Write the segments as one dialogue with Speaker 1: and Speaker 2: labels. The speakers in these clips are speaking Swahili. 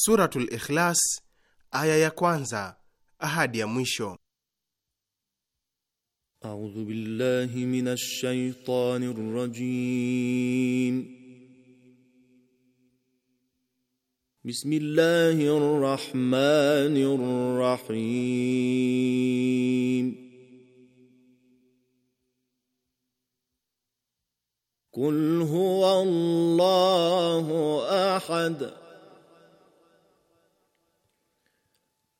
Speaker 1: Suratul Ikhlas aya ya kwanza ahadi ya mwisho.
Speaker 2: A'udhu billahi minash shaitanir rajim. Bismillahir rahmanir rahim. قل هو الله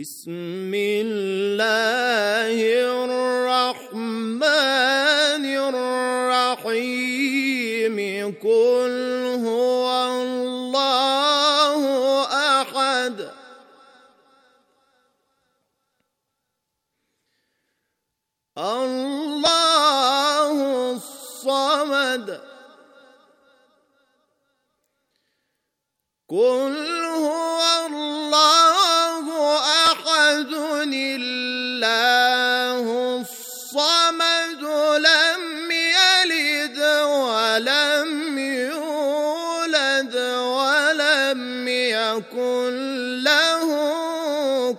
Speaker 2: بسم الله الرحمن الرحيم قل هو الله احد الله الصمد قل هو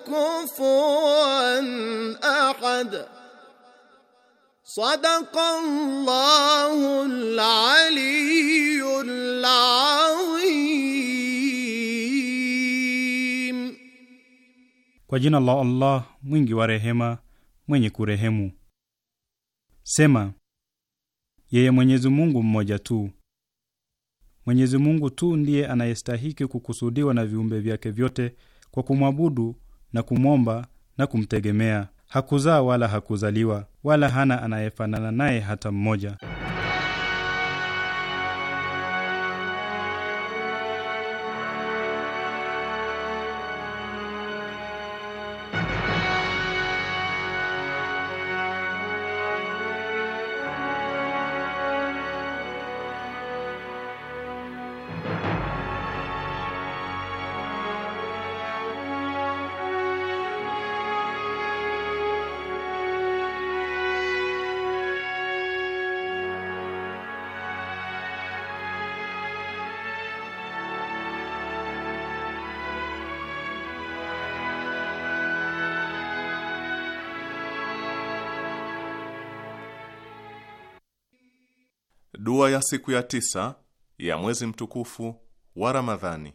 Speaker 2: كفوا احد صدق الله العلي العظيم
Speaker 1: Kwa jina la Allah mwingi wa rehema mwenye kurehemu. Sema, yeye Mwenyezi Mungu mmoja tu. Mwenyezi Mungu tu ndiye anayestahiki kukusudiwa na viumbe vyake vyote kwa kumwabudu na kumwomba na kumtegemea hakuzaa wala hakuzaliwa wala hana anayefanana naye hata mmoja siku ya tisa ya mwezi mtukufu wa Ramadhani.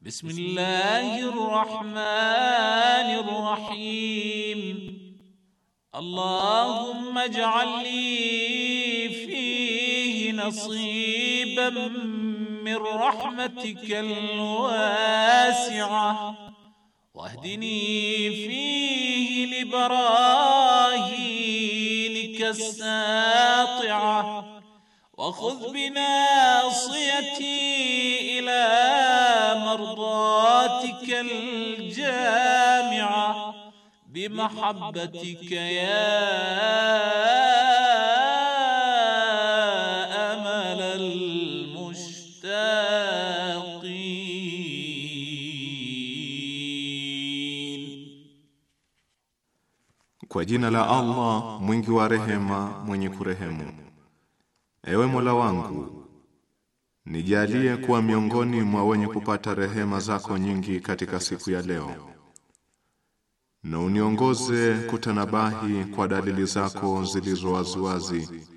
Speaker 3: Bismillahir Rahmanir Rahim. Allahumma ij'al fihi nasiban
Speaker 4: min rahmatikal wasi'a wahdini fihi li barahinika
Speaker 2: as وخذ بناصيتي إلى مرضاتك الجامعة بمحبتك
Speaker 3: يا أمل المشتاقين
Speaker 1: Kwa jina la Allah mwingi wa rehema mwenye kurehemu Ewe Mola wangu, nijalie kuwa miongoni mwa wenye kupata rehema zako nyingi katika siku ya leo, na uniongoze kutanabahi kwa dalili zako zilizo waziwazi,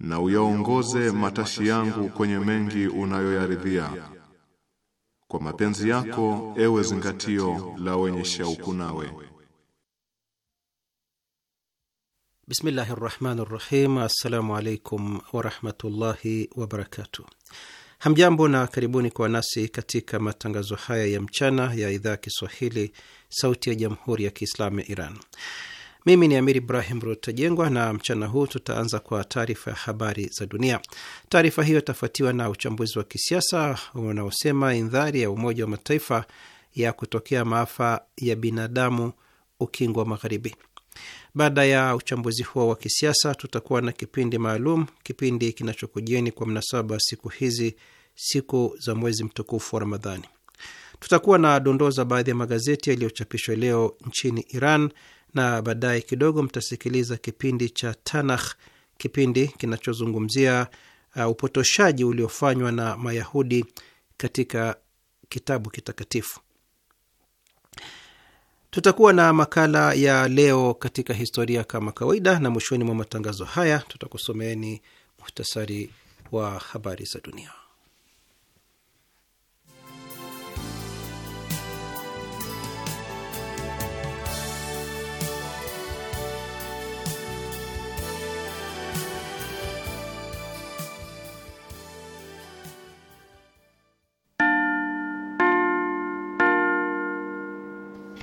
Speaker 1: na uyaongoze matashi yangu kwenye mengi unayoyaridhia kwa mapenzi yako, ewe zingatio la wenye shauku nawe.
Speaker 5: Bismillahi rahmani rahim. Assalamu alaikum warahmatullahi wabarakatuh. Hamjambo na karibuni kwa nasi katika matangazo haya ya mchana ya idhaa ya Kiswahili sauti ya jamhuri ya Kiislamu ya Iran. Mimi ni Amir Ibrahim Rutajengwa, na mchana huu tutaanza kwa taarifa ya habari za dunia. Taarifa hiyo itafuatiwa na uchambuzi wa kisiasa unaosema indhari ya Umoja wa Mataifa ya kutokea maafa ya binadamu ukingo wa Magharibi. Baada ya uchambuzi huo wa kisiasa, tutakuwa na kipindi maalum, kipindi kinachokujieni kwa mnasaba siku hizi, siku za mwezi mtukufu wa Ramadhani. Tutakuwa na dondoo za baadhi ya magazeti yaliyochapishwa leo nchini Iran, na baadaye kidogo mtasikiliza kipindi cha Tanakh, kipindi kinachozungumzia uh, upotoshaji uliofanywa na Mayahudi katika kitabu kitakatifu. Tutakuwa na makala ya leo katika historia kama kawaida, na mwishoni mwa matangazo haya tutakusomeeni muhtasari wa habari za dunia.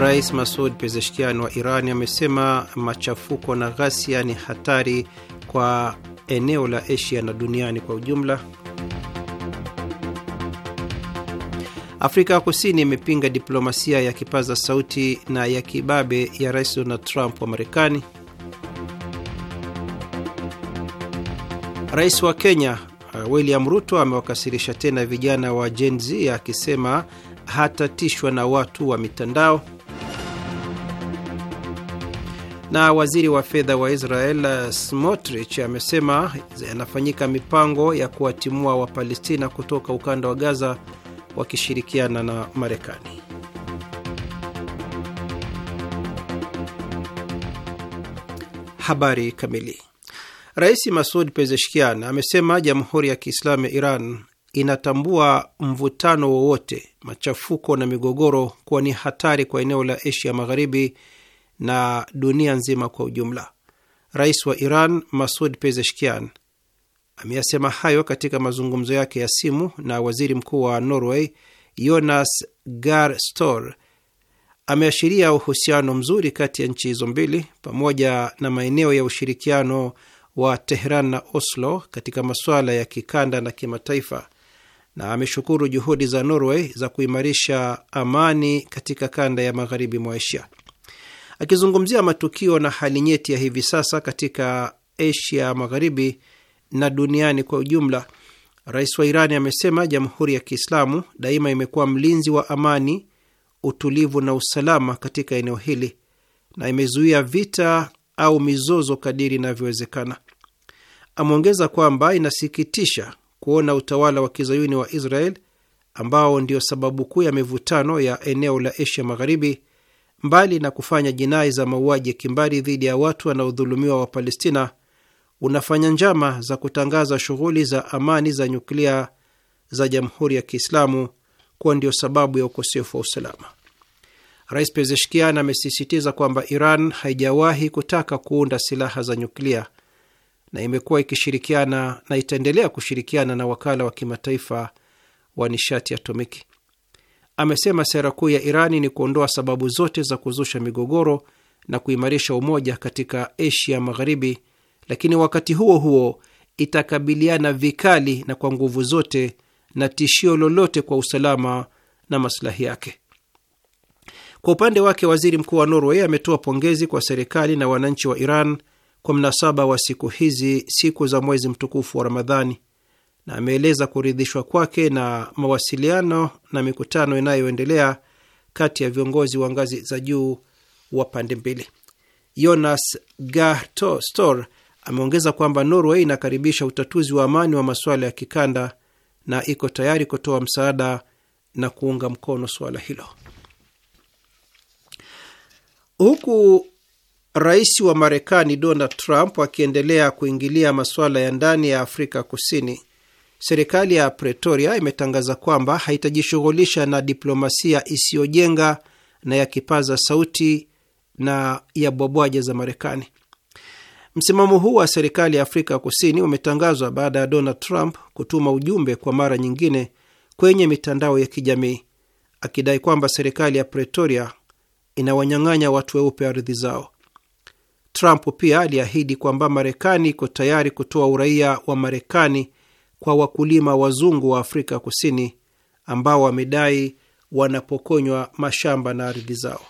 Speaker 5: Rais Masud Pezeshkian wa Iran amesema machafuko na ghasia ni hatari kwa eneo la Asia na duniani kwa ujumla. Afrika ya Kusini imepinga diplomasia ya kipaza sauti na ya kibabe ya Rais Donald Trump wa Marekani. Rais wa Kenya uh, William Ruto amewakasirisha tena vijana wa Gen Z akisema hatatishwa na watu wa mitandao. Na waziri wa fedha wa Israel eh, Smotrich amesema yanafanyika mipango ya kuwatimua Wapalestina kutoka ukanda wa Gaza wakishirikiana na Marekani. Habari kamili. Rais Masud Pezeshkian amesema Jamhuri ya Kiislamu ya Iran inatambua mvutano wowote, machafuko na migogoro kuwa ni hatari kwa eneo la Asia Magharibi na dunia nzima kwa ujumla. Rais wa Iran Masud Pezeshkian ameyasema hayo katika mazungumzo yake ya simu na waziri mkuu wa Norway Jonas gar stor Ameashiria uhusiano mzuri kati ya nchi hizo mbili pamoja na maeneo ya ushirikiano wa Tehran na Oslo katika masuala ya kikanda na kimataifa, na ameshukuru juhudi za Norway za kuimarisha amani katika kanda ya magharibi mwa Asia. Akizungumzia matukio na hali nyeti ya hivi sasa katika Asia Magharibi na duniani kwa ujumla, rais wa Irani amesema Jamhuri ya Kiislamu daima imekuwa mlinzi wa amani, utulivu na usalama katika eneo hili na imezuia vita au mizozo kadiri inavyowezekana. Ameongeza kwamba inasikitisha kuona utawala wa kizayuni wa Israel ambao ndio sababu kuu ya mivutano ya eneo la Asia Magharibi mbali na kufanya jinai za mauaji ya kimbari dhidi ya watu wanaodhulumiwa wa Palestina, unafanya njama za kutangaza shughuli za amani za nyuklia za Jamhuri ya Kiislamu kuwa ndio sababu ya ukosefu wa usalama. Rais Pezeshkian amesisitiza kwamba Iran haijawahi kutaka kuunda silaha za nyuklia na imekuwa ikishirikiana na itaendelea kushirikiana na wakala wa kimataifa wa nishati atomiki amesema sera kuu ya Irani ni kuondoa sababu zote za kuzusha migogoro na kuimarisha umoja katika Asia Magharibi, lakini wakati huo huo itakabiliana vikali na kwa nguvu zote na tishio lolote kwa usalama na masilahi yake. Kwa upande wake, waziri mkuu wa Norway ametoa pongezi kwa serikali na wananchi wa Iran kwa mnasaba wa siku hizi, siku za mwezi mtukufu wa Ramadhani na ameeleza kuridhishwa kwake na mawasiliano na mikutano inayoendelea kati ya viongozi wa ngazi za juu wa pande mbili. Jonas Gahr ameongeza kwamba Norway inakaribisha utatuzi wa amani wa masuala ya kikanda na iko tayari kutoa msaada na kuunga mkono suala hilo. Huku rais wa Marekani Donald Trump akiendelea kuingilia masuala ya ndani ya Afrika Kusini, serikali ya Pretoria imetangaza kwamba haitajishughulisha na diplomasia isiyojenga na ya kipaza sauti na ya bwabwaja za Marekani. Msimamo huu wa serikali ya Afrika Kusini umetangazwa baada ya Donald Trump kutuma ujumbe kwa mara nyingine kwenye mitandao ya kijamii akidai kwamba serikali ya Pretoria inawanyang'anya watu weupe ardhi zao. Trump pia aliahidi kwamba Marekani iko tayari kutoa uraia wa Marekani kwa wakulima wazungu wa Afrika Kusini ambao wamedai wanapokonywa mashamba na ardhi zao.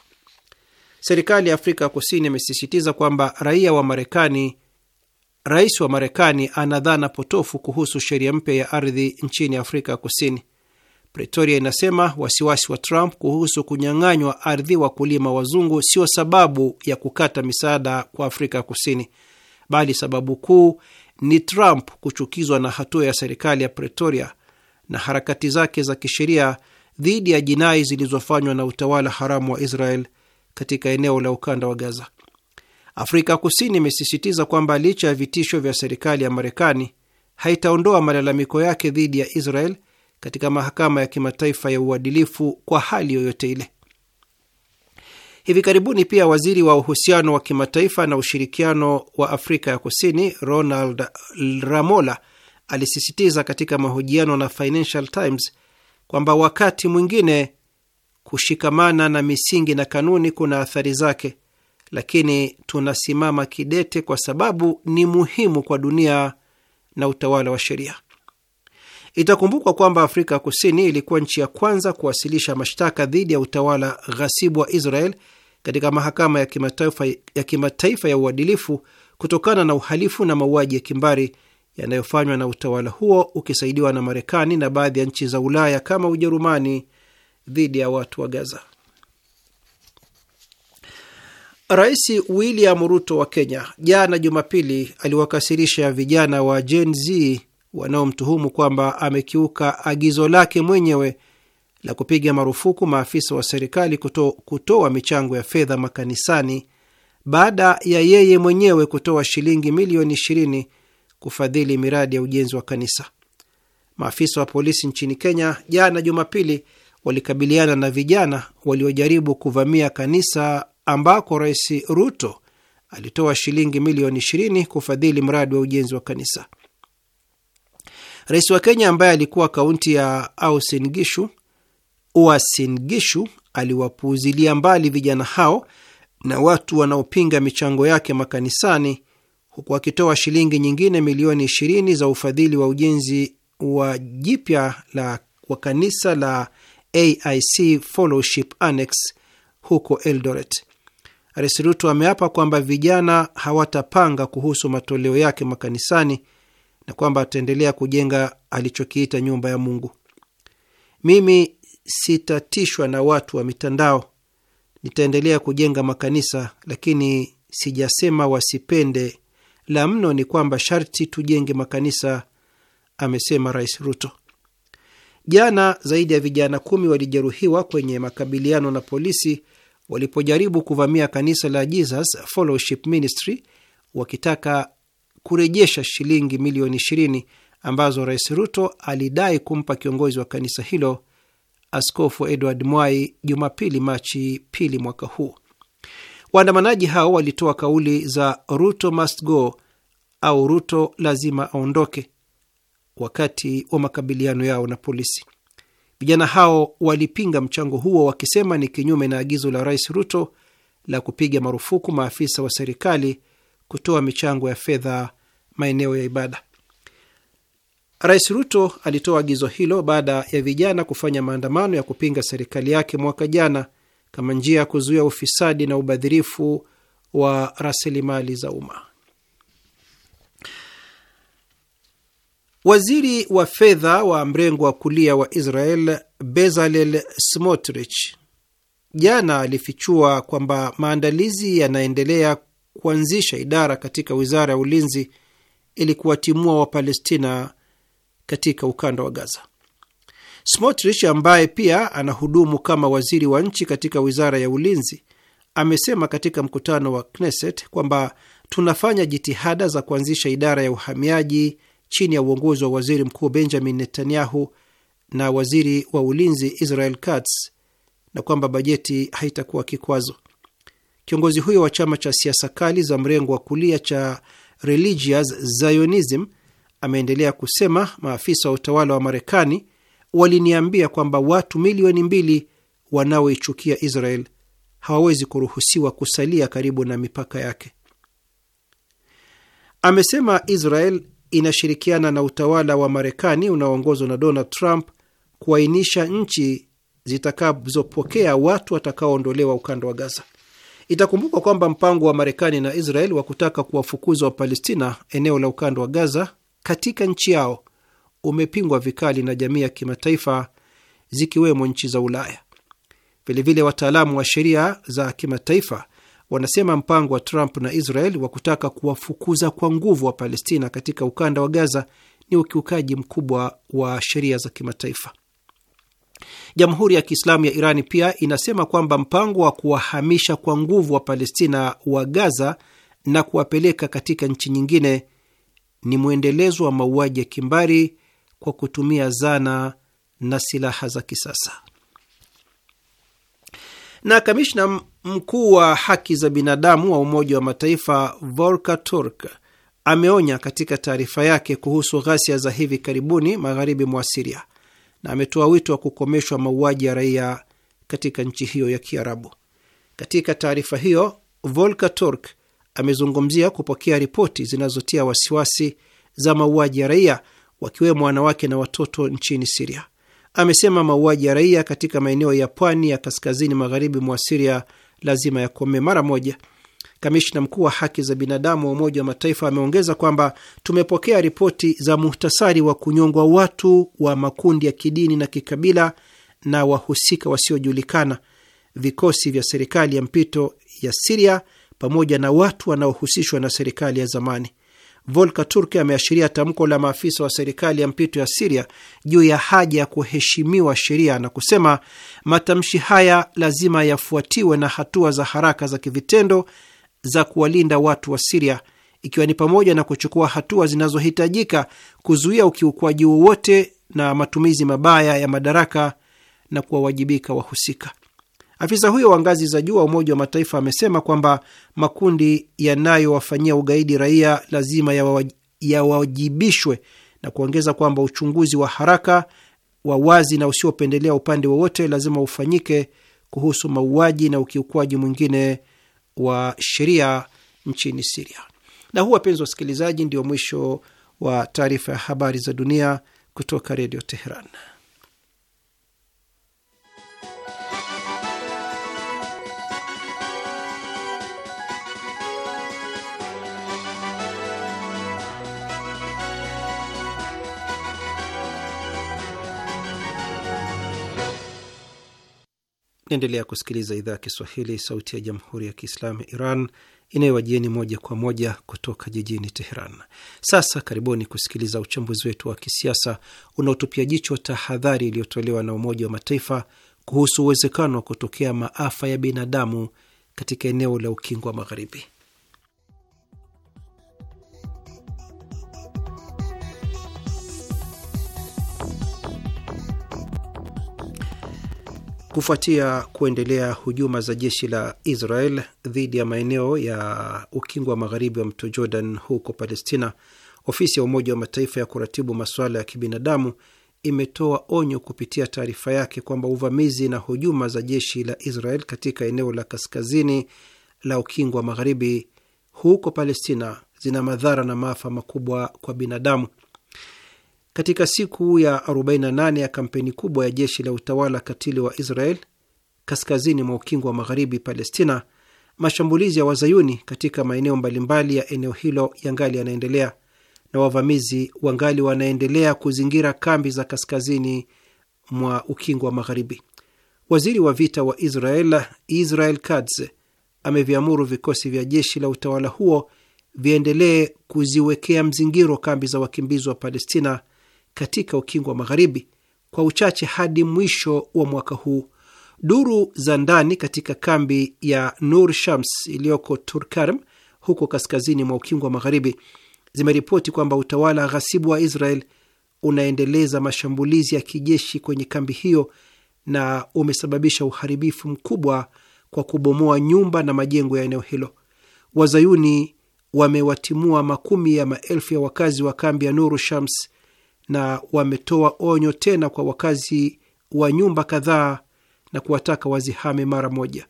Speaker 5: Serikali ya Afrika Kusini imesisitiza kwamba raia wa Marekani, rais wa Marekani ana dhana potofu kuhusu sheria mpya ya ardhi nchini Afrika Kusini. Pretoria inasema wasiwasi wa Trump kuhusu kunyang'anywa ardhi wakulima wazungu sio sababu ya kukata misaada kwa Afrika Kusini, bali sababu kuu ni Trump kuchukizwa na hatua ya serikali ya Pretoria na harakati zake za kisheria dhidi ya jinai zilizofanywa na utawala haramu wa Israel katika eneo la ukanda wa Gaza. Afrika Kusini imesisitiza kwamba licha ya vitisho vya serikali ya Marekani haitaondoa malalamiko yake dhidi ya Israel katika mahakama ya kimataifa ya uadilifu kwa hali yoyote ile. Hivi karibuni pia waziri wa uhusiano wa kimataifa na ushirikiano wa Afrika ya Kusini Ronald Ramola alisisitiza katika mahojiano na Financial Times kwamba wakati mwingine kushikamana na misingi na kanuni kuna athari zake, lakini tunasimama kidete kwa sababu ni muhimu kwa dunia na utawala wa sheria. Itakumbukwa kwamba Afrika Kusini ilikuwa nchi ya kwanza kuwasilisha mashtaka dhidi ya utawala ghasibu wa Israel katika mahakama ya kimataifa ya kimataifa ya uadilifu kutokana na uhalifu na mauaji ya kimbari yanayofanywa na utawala huo ukisaidiwa na Marekani na baadhi ya nchi za Ulaya kama Ujerumani dhidi ya watu wa Gaza. Rais William Ruto wa Kenya jana Jumapili aliwakasirisha vijana wa Gen Z wanaomtuhumu kwamba amekiuka agizo lake mwenyewe la kupiga marufuku maafisa wa serikali kuto, kutoa michango ya fedha makanisani baada ya yeye mwenyewe kutoa shilingi milioni 20 kufadhili miradi ya ujenzi wa kanisa. Maafisa wa polisi nchini Kenya jana Jumapili walikabiliana na vijana waliojaribu kuvamia kanisa ambako Rais Ruto alitoa shilingi milioni 20 kufadhili mradi wa ujenzi wa kanisa. Rais wa Kenya ambaye alikuwa kaunti ya Uasin Gishu aliwapuuzilia mbali vijana hao na watu wanaopinga michango yake makanisani huku akitoa shilingi nyingine milioni 20 za ufadhili wa ujenzi wa jipya la wa kanisa la AIC Fellowship Annex huko Eldoret. Rais Ruto ameapa kwamba vijana hawatapanga kuhusu matoleo yake makanisani na kwamba ataendelea kujenga alichokiita nyumba ya Mungu. Mimi sitatishwa na watu wa mitandao, nitaendelea kujenga makanisa, lakini sijasema wasipende. La mno ni kwamba sharti tujenge makanisa, amesema Rais Ruto. Jana zaidi ya vijana kumi walijeruhiwa kwenye makabiliano na polisi walipojaribu kuvamia kanisa la Jesus Fellowship Ministry wakitaka kurejesha shilingi milioni 20 ambazo Rais Ruto alidai kumpa kiongozi wa kanisa hilo Askofu Edward Mwai Jumapili, Machi pili mwaka huu. Waandamanaji hao walitoa kauli za Ruto must go au Ruto lazima aondoke wakati wa makabiliano yao na polisi. Vijana hao walipinga mchango huo wakisema ni kinyume na agizo la Rais Ruto la kupiga marufuku maafisa wa serikali kutoa michango ya fedha maeneo ya ibada. Rais Ruto alitoa agizo hilo baada ya vijana kufanya maandamano ya kupinga serikali yake mwaka jana kama njia ya kuzuia ufisadi na ubadhirifu wa rasilimali za umma. Waziri wa fedha wa mrengo wa kulia wa Israel Bezalel Smotrich jana alifichua kwamba maandalizi yanaendelea kuanzisha idara katika wizara ya ulinzi ili kuwatimua Wapalestina katika ukanda wa Gaza. Smotrich ambaye pia anahudumu kama waziri wa nchi katika wizara ya ulinzi amesema katika mkutano wa Knesset kwamba tunafanya jitihada za kuanzisha idara ya uhamiaji chini ya uongozi wa waziri mkuu Benjamin Netanyahu na waziri wa ulinzi Israel Katz na kwamba bajeti haitakuwa kikwazo. Kiongozi huyo wa chama cha siasa kali za mrengo wa kulia cha Religious Zionism ameendelea kusema, maafisa wa utawala wa Marekani waliniambia kwamba watu milioni mbili wanaoichukia Israel hawawezi kuruhusiwa kusalia karibu na mipaka yake. Amesema Israel inashirikiana na utawala wa Marekani unaoongozwa na Donald Trump kuainisha nchi zitakazopokea watu watakaoondolewa ukanda wa Gaza. Itakumbukwa kwamba mpango wa Marekani na Israel wa kutaka kuwafukuza Wapalestina eneo la ukanda wa Gaza katika nchi yao umepingwa vikali na jamii ya kimataifa zikiwemo nchi za Ulaya. Vilevile, wataalamu wa sheria za kimataifa wanasema mpango wa Trump na Israel wa kutaka kuwafukuza kwa nguvu wa Palestina katika ukanda wa Gaza ni ukiukaji mkubwa wa sheria za kimataifa. Jamhuri ya Kiislamu ya Irani pia inasema kwamba mpango wa kuwahamisha kwa nguvu wa Palestina wa Gaza na kuwapeleka katika nchi nyingine ni mwendelezo wa mauaji ya kimbari kwa kutumia zana na silaha za kisasa. Na kamishna mkuu wa haki za binadamu wa Umoja wa Mataifa Volker Turk ameonya katika taarifa yake kuhusu ghasia za hivi karibuni magharibi mwa Siria na ametoa wito wa kukomeshwa mauaji ya raia katika nchi hiyo ya Kiarabu. Katika taarifa hiyo, Volker Turk amezungumzia kupokea ripoti zinazotia wasiwasi za mauaji ya raia, wakiwemo wanawake na watoto nchini Siria. Amesema mauaji ya raia katika maeneo ya pwani ya kaskazini magharibi mwa Siria lazima yakome mara moja Kamishna mkuu wa haki za binadamu wa Umoja wa Mataifa ameongeza kwamba tumepokea ripoti za muhtasari wa kunyongwa watu wa makundi ya kidini na kikabila na wahusika wasiojulikana, vikosi vya serikali ya mpito ya Siria pamoja na watu wanaohusishwa na serikali ya zamani. Volker Turk ameashiria tamko la maafisa wa serikali ya mpito ya Siria juu ya haja ya kuheshimiwa sheria na kusema matamshi haya lazima yafuatiwe na hatua za haraka za kivitendo za kuwalinda watu wa Siria, ikiwa ni pamoja na kuchukua hatua zinazohitajika kuzuia ukiukwaji wowote na matumizi mabaya ya madaraka na kuwawajibika wahusika. Afisa huyo wa ngazi za juu wa Umoja wa Mataifa amesema kwamba makundi yanayowafanyia ugaidi raia lazima yawajibishwe ya na kuongeza kwamba uchunguzi wa haraka wa wazi na usiopendelea upande wowote lazima ufanyike kuhusu mauaji na ukiukwaji mwingine wa sheria nchini Siria. Na huu, wapenzi wasikilizaji, ndio mwisho wa taarifa ya habari za dunia kutoka Redio Teheran. Naendelea kusikiliza idhaa ya Kiswahili, sauti ya jamhuri ya kiislamu ya Iran inayowajieni moja kwa moja kutoka jijini Teheran. Sasa karibuni kusikiliza uchambuzi wetu wa kisiasa unaotupia jicho tahadhari iliyotolewa na Umoja wa Mataifa kuhusu uwezekano wa kutokea maafa ya binadamu katika eneo la Ukingo wa Magharibi. kufuatia kuendelea hujuma za jeshi la Israel dhidi ya maeneo ya ukingo wa magharibi wa mto Jordan huko Palestina, ofisi ya Umoja wa Mataifa ya kuratibu masuala ya kibinadamu imetoa onyo kupitia taarifa yake kwamba uvamizi na hujuma za jeshi la Israel katika eneo la kaskazini la ukingo wa magharibi huko Palestina zina madhara na maafa makubwa kwa binadamu. Katika siku ya 48 ya kampeni kubwa ya jeshi la utawala katili wa Israel kaskazini mwa ukingo wa magharibi Palestina, mashambulizi ya wazayuni katika maeneo mbalimbali ya eneo hilo yangali yanaendelea na wavamizi wangali wanaendelea kuzingira kambi za kaskazini mwa ukingo wa magharibi. Waziri wa vita wa Israel Israel Katz ameviamuru vikosi vya jeshi la utawala huo viendelee kuziwekea mzingiro kambi za wakimbizi wa Palestina katika ukingo wa magharibi kwa uchache hadi mwisho wa mwaka huu. Duru za ndani katika kambi ya Nur Shams iliyoko Turkarm huko kaskazini mwa ukingo wa magharibi zimeripoti kwamba utawala ghasibu wa Israel unaendeleza mashambulizi ya kijeshi kwenye kambi hiyo na umesababisha uharibifu mkubwa kwa kubomoa nyumba na majengo ya eneo hilo. Wazayuni wamewatimua makumi ya maelfu ya wakazi wa kambi ya Nuru Shams na wametoa onyo tena kwa wakazi wa nyumba kadhaa na kuwataka wazihame mara moja.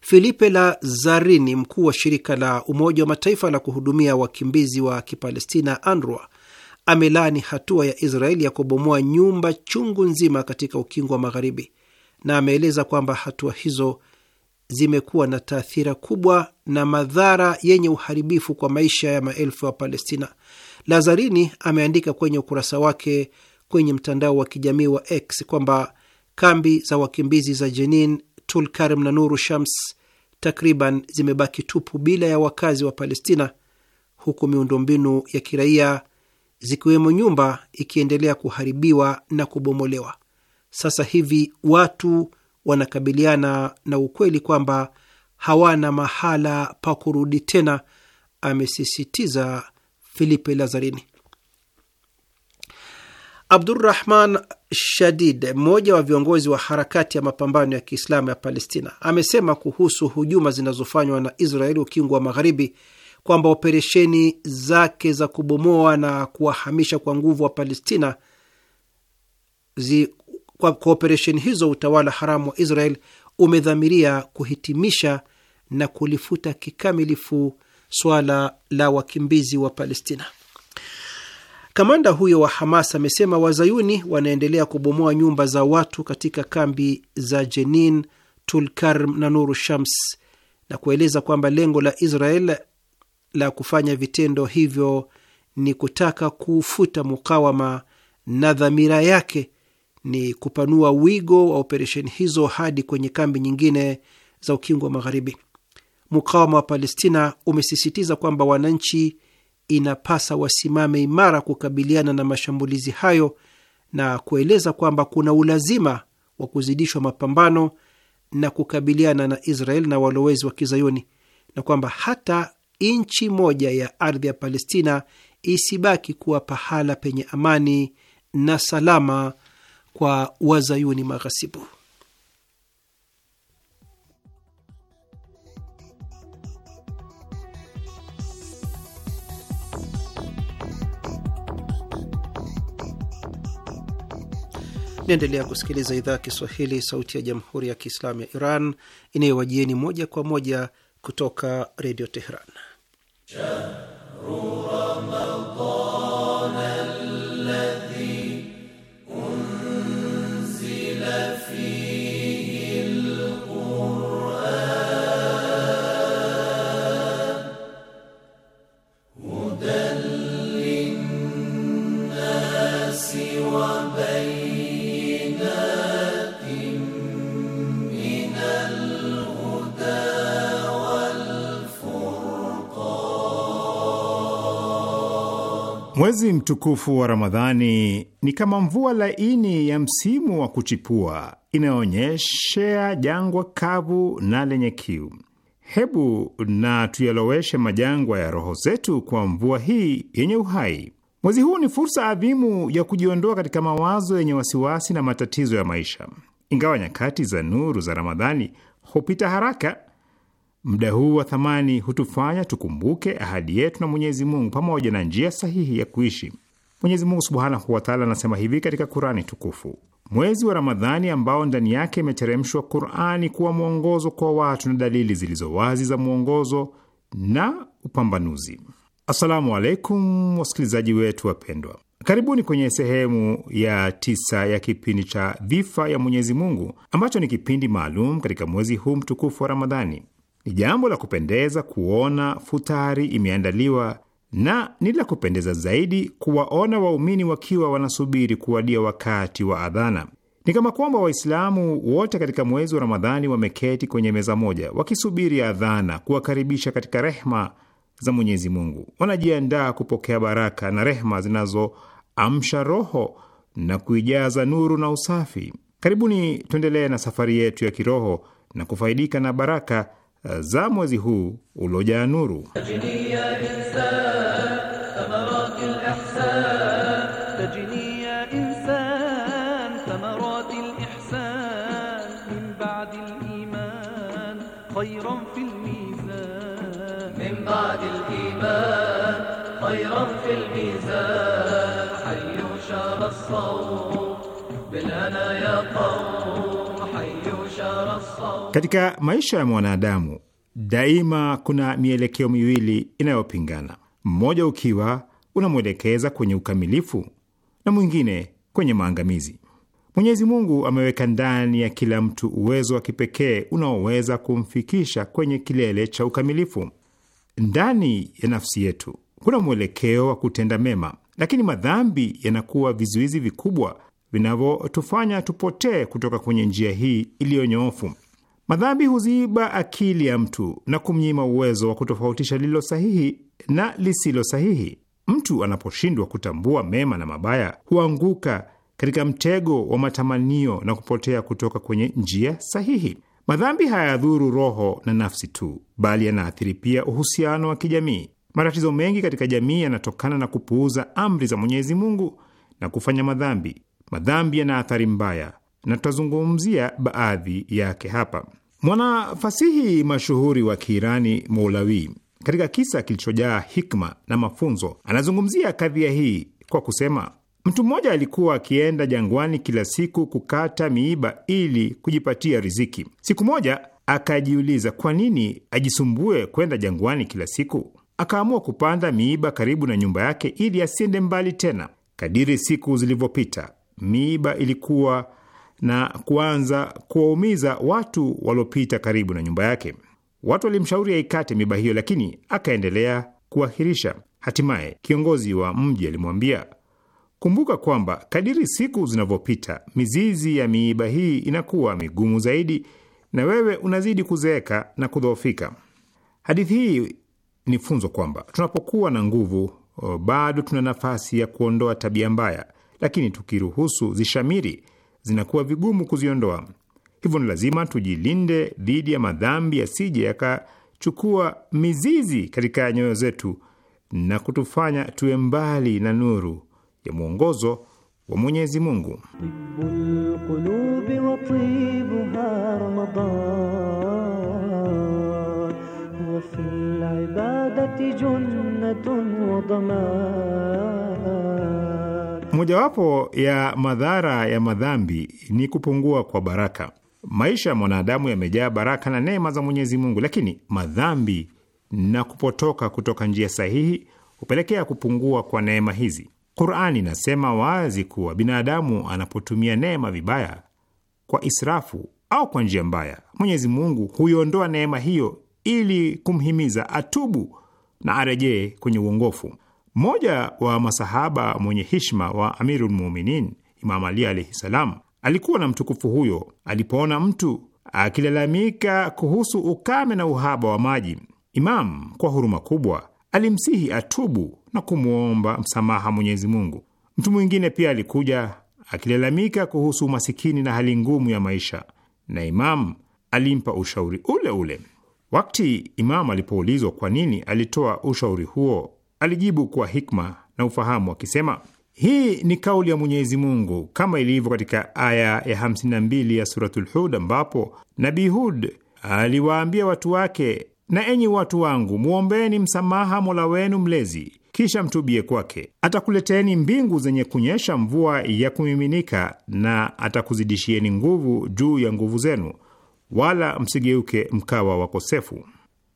Speaker 5: Filipe Lazzarini, mkuu wa shirika la Umoja wa Mataifa la kuhudumia wakimbizi wa Kipalestina, ANRWA, amelaani hatua ya Israeli ya kubomoa nyumba chungu nzima katika ukingo wa Magharibi, na ameeleza kwamba hatua hizo zimekuwa na taathira kubwa na madhara yenye uharibifu kwa maisha ya maelfu ya Palestina. Lazarini ameandika kwenye ukurasa wake kwenye mtandao wa kijamii wa X kwamba kambi za wakimbizi za Jenin, Tulkarm na Nuru Shams takriban zimebaki tupu bila ya wakazi wa Palestina, huku miundombinu ya kiraia zikiwemo nyumba ikiendelea kuharibiwa na kubomolewa. Sasa hivi watu wanakabiliana na ukweli kwamba hawana mahala pa kurudi tena, amesisitiza Filipe Lazarini. Abdurrahman Shadid, mmoja wa viongozi wa harakati ya mapambano ya Kiislamu ya Palestina, amesema kuhusu hujuma zinazofanywa na Israeli ukingo wa Magharibi kwamba operesheni zake za kubomoa na kuwahamisha kwa nguvu wa Palestina zi, kwa, kwa operesheni hizo utawala haramu wa Israel umedhamiria kuhitimisha na kulifuta kikamilifu swala la wakimbizi wa Palestina. Kamanda huyo wa Hamas amesema wazayuni wanaendelea kubomoa nyumba za watu katika kambi za Jenin, Tulkarm na Nuru Shams na kueleza kwamba lengo la Israel la kufanya vitendo hivyo ni kutaka kufuta mukawama na dhamira yake ni kupanua wigo wa operesheni hizo hadi kwenye kambi nyingine za ukingo wa Magharibi mukawama wa Palestina umesisitiza kwamba wananchi inapasa wasimame imara kukabiliana na mashambulizi hayo na kueleza kwamba kuna ulazima wa kuzidishwa mapambano na kukabiliana na Israel na walowezi wa Kizayuni na kwamba hata nchi moja ya ardhi ya Palestina isibaki kuwa pahala penye amani na salama kwa wazayuni maghasibu. Naendelea kusikiliza idhaa ya Kiswahili, sauti ya jamhuri ya kiislamu ya Iran inayowajieni moja kwa moja kutoka redio Teheran.
Speaker 1: Mwezi mtukufu wa Ramadhani ni kama mvua laini ya msimu wa kuchipua inayoonyeshea jangwa kavu na lenye kiu. Hebu na tuyaloweshe majangwa ya roho zetu kwa mvua hii yenye uhai. Mwezi huu ni fursa adhimu ya kujiondoa katika mawazo yenye wasiwasi na matatizo ya maisha. Ingawa nyakati za nuru za Ramadhani hupita haraka, Muda huu wa thamani hutufanya tukumbuke ahadi yetu na Mwenyezi Mungu pamoja na njia sahihi ya kuishi. Mwenyezi Mungu subhanahu wataala anasema hivi katika Kurani Tukufu: mwezi wa Ramadhani ambao ndani yake imeteremshwa kurani kuwa mwongozo kwa watu na dalili zilizo wazi za mwongozo na upambanuzi. Assalamu alaikum wasikilizaji wetu wapendwa, karibuni kwenye sehemu ya tisa ya kipindi cha Dhifa ya Mwenyezi Mungu ambacho ni kipindi maalum katika mwezi huu mtukufu wa Ramadhani. Ni jambo la kupendeza kuona futari imeandaliwa na ni la kupendeza zaidi kuwaona waumini wakiwa wanasubiri kuwadia wakati wa adhana. Ni kama kwamba Waislamu wote katika mwezi wa Ramadhani wameketi kwenye meza moja wakisubiri adhana kuwakaribisha katika rehma za Mwenyezi Mungu. Wanajiandaa kupokea baraka na rehma zinazoamsha roho na kuijaza nuru na usafi. Karibuni tuendelee na safari yetu ya kiroho na kufaidika na baraka za mwezi huu uliojaa nuru. Katika maisha ya mwanadamu daima kuna mielekeo miwili inayopingana, mmoja ukiwa unamwelekeza kwenye ukamilifu na mwingine kwenye maangamizi. Mwenyezi Mungu ameweka ndani ya kila mtu uwezo wa kipekee unaoweza kumfikisha kwenye kilele cha ukamilifu. Ndani ya nafsi yetu kuna mwelekeo wa kutenda mema, lakini madhambi yanakuwa vizuizi vikubwa vinavyotufanya tupotee kutoka kwenye njia hii iliyonyoofu. Madhambi huziiba akili ya mtu na kumnyima uwezo wa kutofautisha lililo sahihi na lisilo sahihi. Mtu anaposhindwa kutambua mema na mabaya, huanguka katika mtego wa matamanio na kupotea kutoka kwenye njia sahihi. Madhambi hayadhuru roho na nafsi tu, bali yanaathiri pia uhusiano wa kijamii. Matatizo mengi katika jamii yanatokana na kupuuza amri za Mwenyezi Mungu na kufanya madhambi. Madhambi yana athari mbaya na tutazungumzia baadhi yake hapa. Mwanafasihi mashuhuri wa Kiirani Moulawi katika kisa kilichojaa hikma na mafunzo anazungumzia kadhia hii kwa kusema, mtu mmoja alikuwa akienda jangwani kila siku kukata miiba ili kujipatia riziki. Siku moja akajiuliza kwa nini ajisumbue kwenda jangwani kila siku. Akaamua kupanda miiba karibu na nyumba yake ili asiende mbali tena. Kadiri siku zilivyopita, miiba ilikuwa na kuanza kuwaumiza watu waliopita karibu na nyumba yake. Watu walimshauri aikate miiba hiyo, lakini akaendelea kuahirisha. Hatimaye kiongozi wa mji alimwambia, kumbuka kwamba kadiri siku zinavyopita mizizi ya miiba hii inakuwa migumu zaidi, na wewe unazidi kuzeeka na kudhoofika. Hadithi hii ni funzo kwamba tunapokuwa na nguvu oh, bado tuna nafasi ya kuondoa tabia mbaya, lakini tukiruhusu zishamiri zinakuwa vigumu kuziondoa. Hivyo ni lazima tujilinde dhidi ya madhambi yasije yakachukua mizizi katika nyoyo zetu na kutufanya tuwe mbali na nuru ya mwongozo wa Mwenyezi Mungu. Mojawapo ya madhara ya madhambi ni kupungua kwa baraka. Maisha ya mwanadamu yamejaa baraka na neema za Mwenyezi Mungu, lakini madhambi na kupotoka kutoka njia sahihi hupelekea kupungua kwa neema hizi. Qurani inasema wazi kuwa binadamu anapotumia neema vibaya, kwa israfu au kwa njia mbaya, Mwenyezi Mungu huiondoa neema hiyo ili kumhimiza atubu na arejee kwenye uongofu. Mmoja wa masahaba mwenye hishma wa Amirulmuminin Imam Ali alaihi salam alikuwa na mtukufu huyo. Alipoona mtu akilalamika kuhusu ukame na uhaba wa maji, Imam kwa huruma kubwa alimsihi atubu na kumwomba msamaha Mwenyezi Mungu. Mtu mwingine pia alikuja akilalamika kuhusu umasikini na hali ngumu ya maisha, na Imam alimpa ushauri ule ule. Wakati Imam alipoulizwa kwa nini alitoa ushauri huo alijibu kwa hikma na ufahamu akisema, hii ni kauli ya Mwenyezi Mungu kama ilivyo katika aya ya 52 ya Suratul Hud ambapo Nabii Hud aliwaambia watu wake, na enyi watu wangu, mwombeni msamaha Mola wenu mlezi kisha mtubie kwake, atakuleteni mbingu zenye kunyesha mvua ya kumiminika, na atakuzidishieni nguvu juu ya nguvu zenu, wala msigeuke mkawa wakosefu.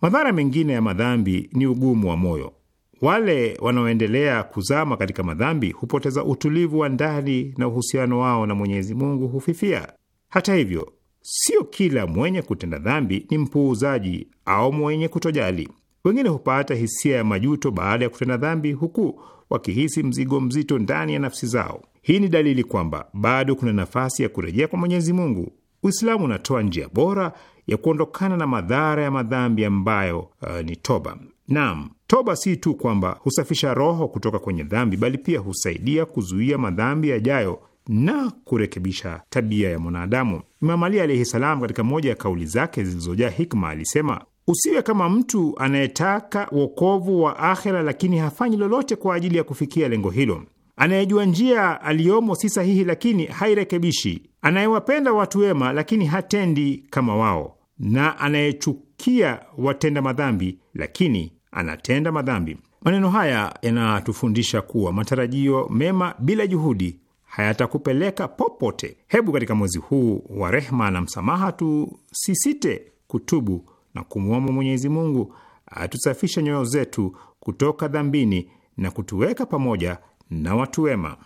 Speaker 1: Madhara mengine ya madhambi ni ugumu wa moyo. Wale wanaoendelea kuzama katika madhambi hupoteza utulivu wa ndani na uhusiano wao na Mwenyezi Mungu hufifia. Hata hivyo, sio kila mwenye kutenda dhambi ni mpuuzaji au mwenye kutojali. Wengine hupata hisia ya majuto baada ya kutenda dhambi, huku wakihisi mzigo mzito ndani ya nafsi zao. Hii ni dalili kwamba bado kuna nafasi ya kurejea kwa Mwenyezi Mungu. Uislamu unatoa njia bora ya kuondokana na madhara ya madhambi ambayo uh, ni toba. Naam. Toba si tu kwamba husafisha roho kutoka kwenye dhambi, bali pia husaidia kuzuia madhambi yajayo na kurekebisha tabia ya mwanadamu. Imam Ali alaihi salam, katika moja ya kauli zake zilizojaa hikma, alisema usiwe kama mtu anayetaka wokovu wa akhera, lakini hafanyi lolote kwa ajili ya kufikia lengo hilo, anayejua njia aliyomo si sahihi, lakini hairekebishi, anayewapenda watu wema, lakini hatendi kama wao, na anayechukia watenda madhambi, lakini anatenda madhambi. Maneno haya yanatufundisha kuwa matarajio mema bila juhudi hayatakupeleka popote. Hebu katika mwezi huu wa rehma na msamaha tusisite kutubu na kumwomba Mwenyezi Mungu atusafishe nyoyo zetu kutoka dhambini na kutuweka pamoja na watu wema.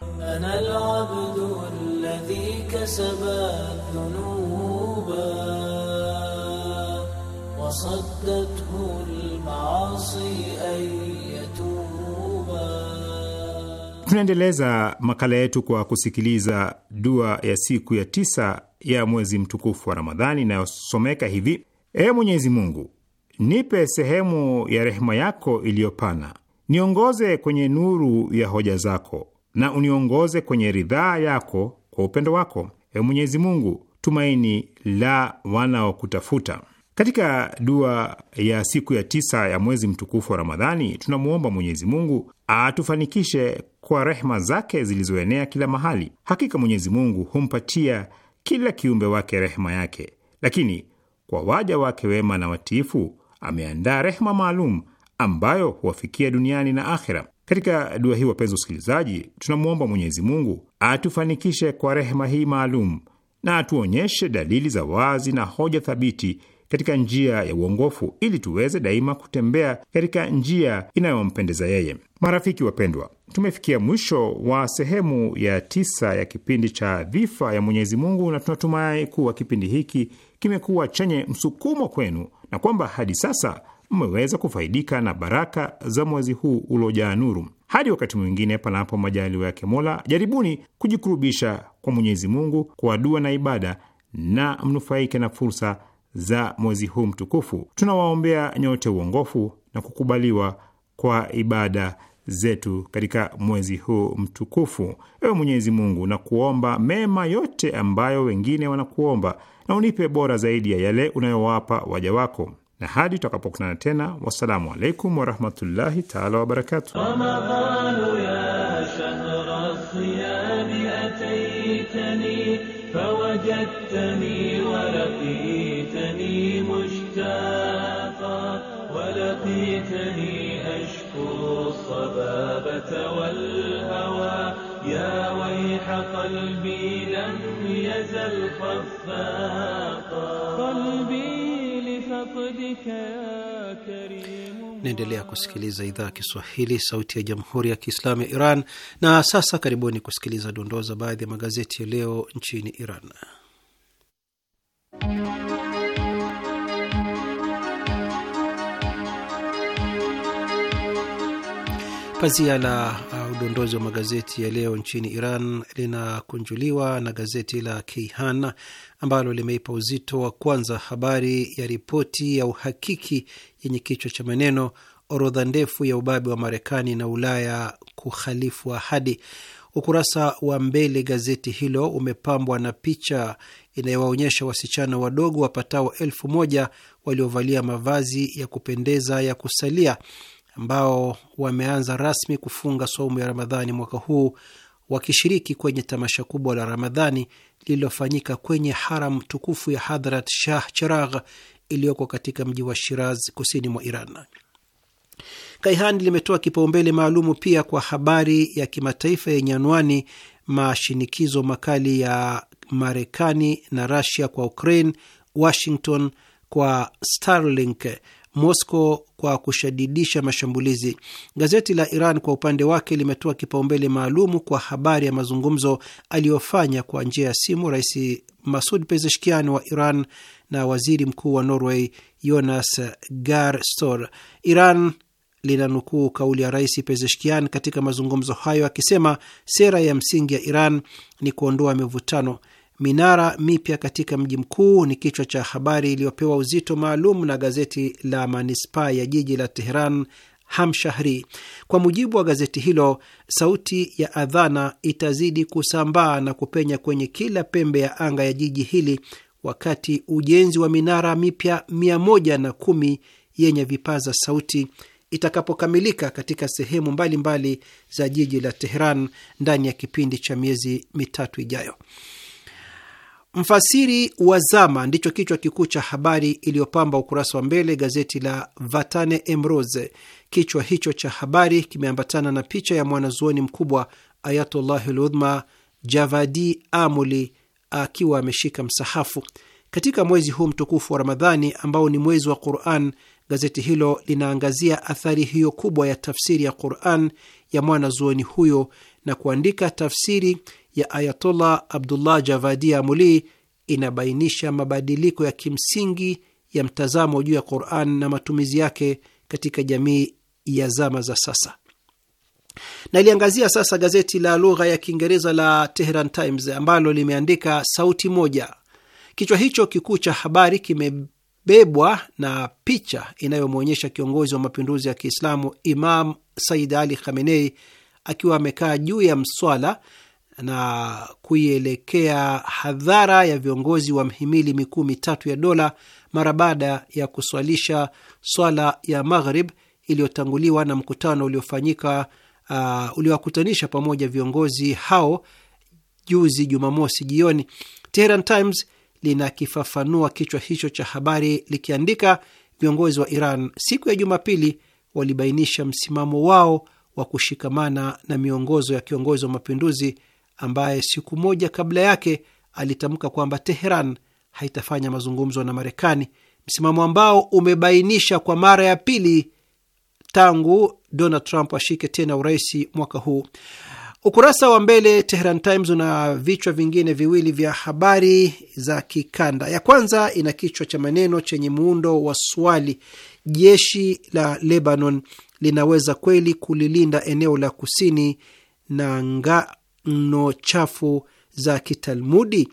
Speaker 1: Tunaendeleza makala yetu kwa kusikiliza dua ya siku ya tisa ya mwezi mtukufu wa Ramadhani inayosomeka hivi: Ee Mwenyezi Mungu, nipe sehemu ya rehema yako iliyopana, niongoze kwenye nuru ya hoja zako, na uniongoze kwenye ridhaa yako kwa upendo wako. Ee Mwenyezi Mungu, tumaini la wanaokutafuta. Katika dua ya siku ya tisa ya mwezi mtukufu wa Ramadhani tunamwomba Mwenyezi Mungu atufanikishe kwa rehma zake zilizoenea kila mahali. Hakika Mwenyezi Mungu humpatia kila kiumbe wake rehma yake, lakini kwa waja wake wema na watiifu ameandaa rehma maalum ambayo huwafikia duniani na akhera. Katika dua hii, wapenzi wasikilizaji, tunamwomba Mwenyezi Mungu atufanikishe kwa rehma hii maalum na atuonyeshe dalili za wazi na hoja thabiti katika njia ya uongofu ili tuweze daima kutembea katika njia inayompendeza yeye. Marafiki wapendwa, tumefikia mwisho wa sehemu ya tisa ya kipindi cha vifa ya Mwenyezi Mungu, na tunatumai kuwa kipindi hiki kimekuwa chenye msukumo kwenu na kwamba hadi sasa mmeweza kufaidika na baraka za mwezi huu uliojaa nuru. Hadi wakati mwingine, panapo majaliwa yake Mola, jaribuni kujikurubisha kwa Mwenyezi Mungu kwa dua na ibada, na mnufaike na fursa za mwezi huu mtukufu. Tunawaombea nyote uongofu na kukubaliwa kwa ibada zetu katika mwezi huu mtukufu. Ewe Mwenyezi Mungu, na kuomba mema yote ambayo wengine wanakuomba, na unipe bora zaidi ya yale unayowapa waja wako, na hadi tutakapokutana tena, wassalamu alaikum warahmatullahi taala wabarakatuh.
Speaker 3: قلبي لم يزل خفاقا قلبي
Speaker 5: لفقدك يا كريم Naendelea kusikiliza idhaa ya Kiswahili, sauti ya jamhuri ya kiislamu ya Iran. Na sasa karibuni kusikiliza dondoo za baadhi ya magazeti ya leo nchini Iran. Pazia la uh, udondozi wa magazeti ya leo nchini Iran linakunjuliwa na gazeti la Keihan ambalo limeipa uzito wa kwanza habari ya ripoti ya uhakiki yenye kichwa cha maneno orodha ndefu ya ubabe wa Marekani na Ulaya kuhalifu ahadi. Ukurasa wa mbele gazeti hilo umepambwa na picha inayowaonyesha wasichana wadogo wapatao elfu moja waliovalia mavazi ya kupendeza ya kusalia ambao wameanza rasmi kufunga saumu ya Ramadhani mwaka huu wakishiriki kwenye tamasha kubwa la Ramadhani lililofanyika kwenye haram tukufu ya Hadhrat Shah Cheragh iliyoko katika mji wa Shiraz, kusini mwa Iran. Kaihan limetoa kipaumbele maalumu pia kwa habari ya kimataifa yenye anwani mashinikizo makali ya Marekani na Rasia kwa Ukraine, Washington kwa Starlink Moscow kwa kushadidisha mashambulizi. Gazeti la Iran kwa upande wake limetoa kipaumbele maalumu kwa habari ya mazungumzo aliyofanya kwa njia ya simu Rais Masud Pezeshkian wa Iran na waziri mkuu wa Norway Jonas Gahr Store. Iran linanukuu kauli ya Rais Pezeshkian katika mazungumzo hayo akisema sera ya msingi ya Iran ni kuondoa mivutano minara mipya katika mji mkuu ni kichwa cha habari iliyopewa uzito maalum na gazeti la manispaa ya jiji la Teheran Hamshahri. Kwa mujibu wa gazeti hilo, sauti ya adhana itazidi kusambaa na kupenya kwenye kila pembe ya anga ya jiji hili wakati ujenzi wa minara mipya 110 yenye vipaza sauti itakapokamilika katika sehemu mbalimbali mbali za jiji la Teheran ndani ya kipindi cha miezi mitatu ijayo. Mfasiri wa zama ndicho kichwa kikuu cha habari iliyopamba ukurasa wa mbele gazeti la Vatane Emrose. Kichwa hicho cha habari kimeambatana na picha ya mwanazuoni mkubwa Ayatullahi Ludhma Javadi Amuli akiwa ameshika msahafu. Katika mwezi huu mtukufu wa Ramadhani ambao ni mwezi wa Quran, gazeti hilo linaangazia athari hiyo kubwa ya tafsiri ya Quran ya mwanazuoni huyo na kuandika tafsiri ya Ayatollah Abdullah Javadi Amuli inabainisha mabadiliko ya kimsingi ya mtazamo juu ya Quran na matumizi yake katika jamii ya zama za sasa. Naliangazia sasa gazeti la lugha ya Kiingereza la Tehran Times ambalo limeandika sauti moja. Kichwa hicho kikuu cha habari kimebebwa na picha inayomwonyesha kiongozi wa mapinduzi ya Kiislamu Imam Said Ali Khamenei akiwa amekaa juu ya mswala na kuielekea hadhara ya viongozi wa mhimili mikuu mitatu ya dola mara baada ya kuswalisha swala ya maghrib iliyotanguliwa na mkutano uliofanyika uh, uliowakutanisha pamoja viongozi hao juzi Jumamosi jioni. Tehran Times linakifafanua kichwa hicho cha habari likiandika, viongozi wa Iran siku ya Jumapili walibainisha msimamo wao wa kushikamana na miongozo ya kiongozi wa mapinduzi ambaye siku moja kabla yake alitamka kwamba Teheran haitafanya mazungumzo na Marekani, msimamo ambao umebainisha kwa mara ya pili tangu Donald Trump ashike tena urais mwaka huu. Ukurasa wa mbele Teheran Times una vichwa vingine viwili vya habari za kikanda. Ya kwanza ina kichwa cha maneno chenye muundo wa swali, jeshi la Lebanon linaweza kweli kulilinda eneo la kusini na nga, mno chafu za Kitalmudi.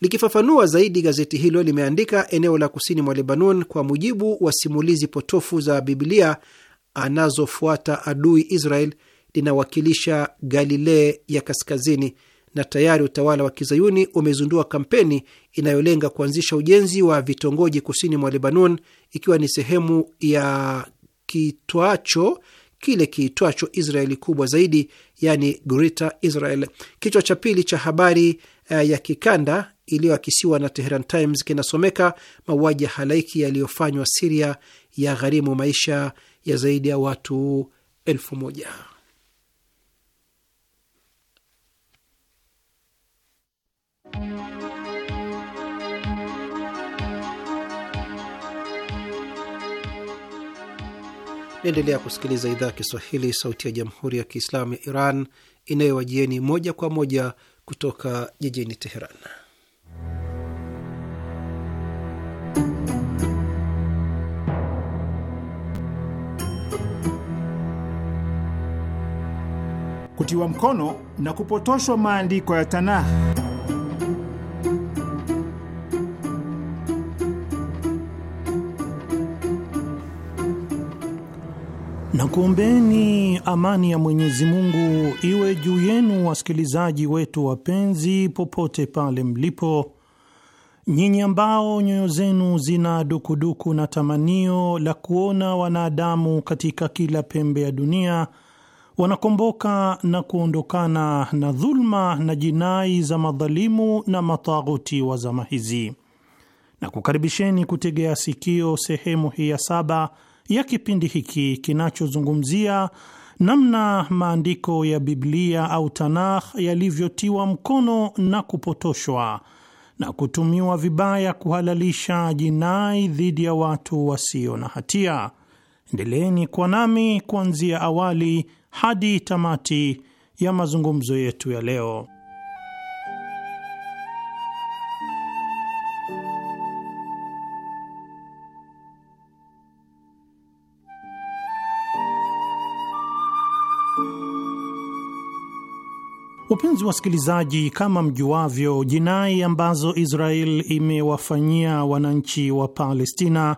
Speaker 5: Likifafanua zaidi, gazeti hilo limeandika eneo la kusini mwa Lebanon, kwa mujibu wa simulizi potofu za Bibilia anazofuata adui Israel, linawakilisha galilee ya kaskazini na tayari utawala wa kizayuni umezindua kampeni inayolenga kuanzisha ujenzi wa vitongoji kusini mwa Lebanon, ikiwa ni sehemu ya kitwacho kile kiitwacho Israeli kubwa zaidi, yani Greater Israel. Kichwa cha pili cha habari uh, ya kikanda iliyoakisiwa na Tehran Times kinasomeka mauaji ya halaiki yaliyofanywa Siria ya gharimu maisha ya zaidi ya watu elfu moja. Naendelea kusikiliza idhaa ya Kiswahili, sauti ya jamhuri ya kiislamu ya Iran inayowajieni moja kwa moja kutoka jijini Teheran.
Speaker 1: Kutiwa mkono na kupotoshwa maandiko ya Tanakh.
Speaker 4: na kuombeni amani ya Mwenyezi Mungu iwe juu yenu, wasikilizaji wetu wapenzi, popote pale mlipo, nyinyi ambao nyoyo zenu zina dukuduku na tamanio la kuona wanadamu katika kila pembe ya dunia wanakomboka na kuondokana na dhulma na jinai za madhalimu na mataghuti wa zama hizi, na kukaribisheni kutegea sikio sehemu hii ya saba ya kipindi hiki kinachozungumzia namna maandiko ya Biblia au Tanakh yalivyotiwa mkono na kupotoshwa na kutumiwa vibaya kuhalalisha jinai dhidi ya watu wasio na hatia. Endeleeni kwa nami kuanzia awali hadi tamati ya mazungumzo yetu ya leo. Wapenzi wasikilizaji, kama mjuavyo, jinai ambazo Israel imewafanyia wananchi wa Palestina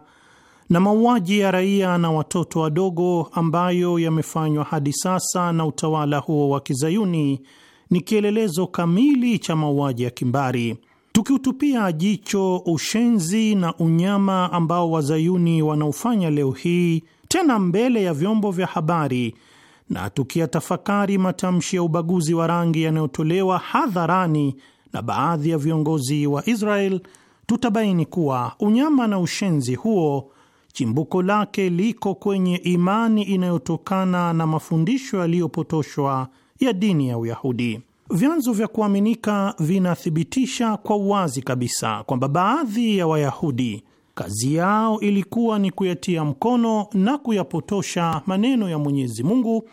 Speaker 4: na mauaji ya raia na watoto wadogo ambayo yamefanywa hadi sasa na utawala huo wa kizayuni ni kielelezo kamili cha mauaji ya kimbari. Tukiutupia jicho ushenzi na unyama ambao wazayuni wanaofanya leo hii, tena mbele ya vyombo vya habari na tukiyatafakari matamshi ya ubaguzi wa rangi yanayotolewa hadharani na baadhi ya viongozi wa Israel, tutabaini kuwa unyama na ushenzi huo chimbuko lake liko kwenye imani inayotokana na mafundisho yaliyopotoshwa ya dini ya Uyahudi. Vyanzo vya kuaminika vinathibitisha kwa uwazi kabisa kwamba baadhi ya Wayahudi kazi yao ilikuwa ni kuyatia mkono na kuyapotosha maneno ya Mwenyezi Mungu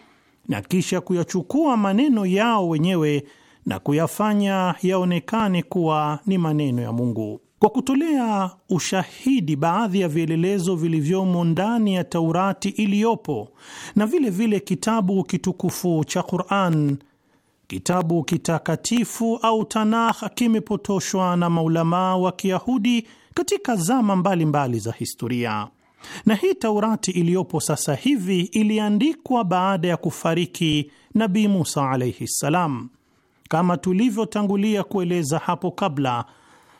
Speaker 4: na kisha kuyachukua maneno yao wenyewe na kuyafanya yaonekane kuwa ni maneno ya Mungu. Kwa kutolea ushahidi baadhi ya vielelezo vilivyomo ndani ya Taurati iliyopo na vile vile kitabu kitukufu cha Qur'an, kitabu kitakatifu au Tanakh kimepotoshwa na maulamaa wa Kiyahudi katika zama mbalimbali mbali za historia. Na hii Taurati iliyopo sasa hivi iliandikwa baada ya kufariki nabi Musa alaihi ssalam. Kama tulivyotangulia kueleza hapo kabla,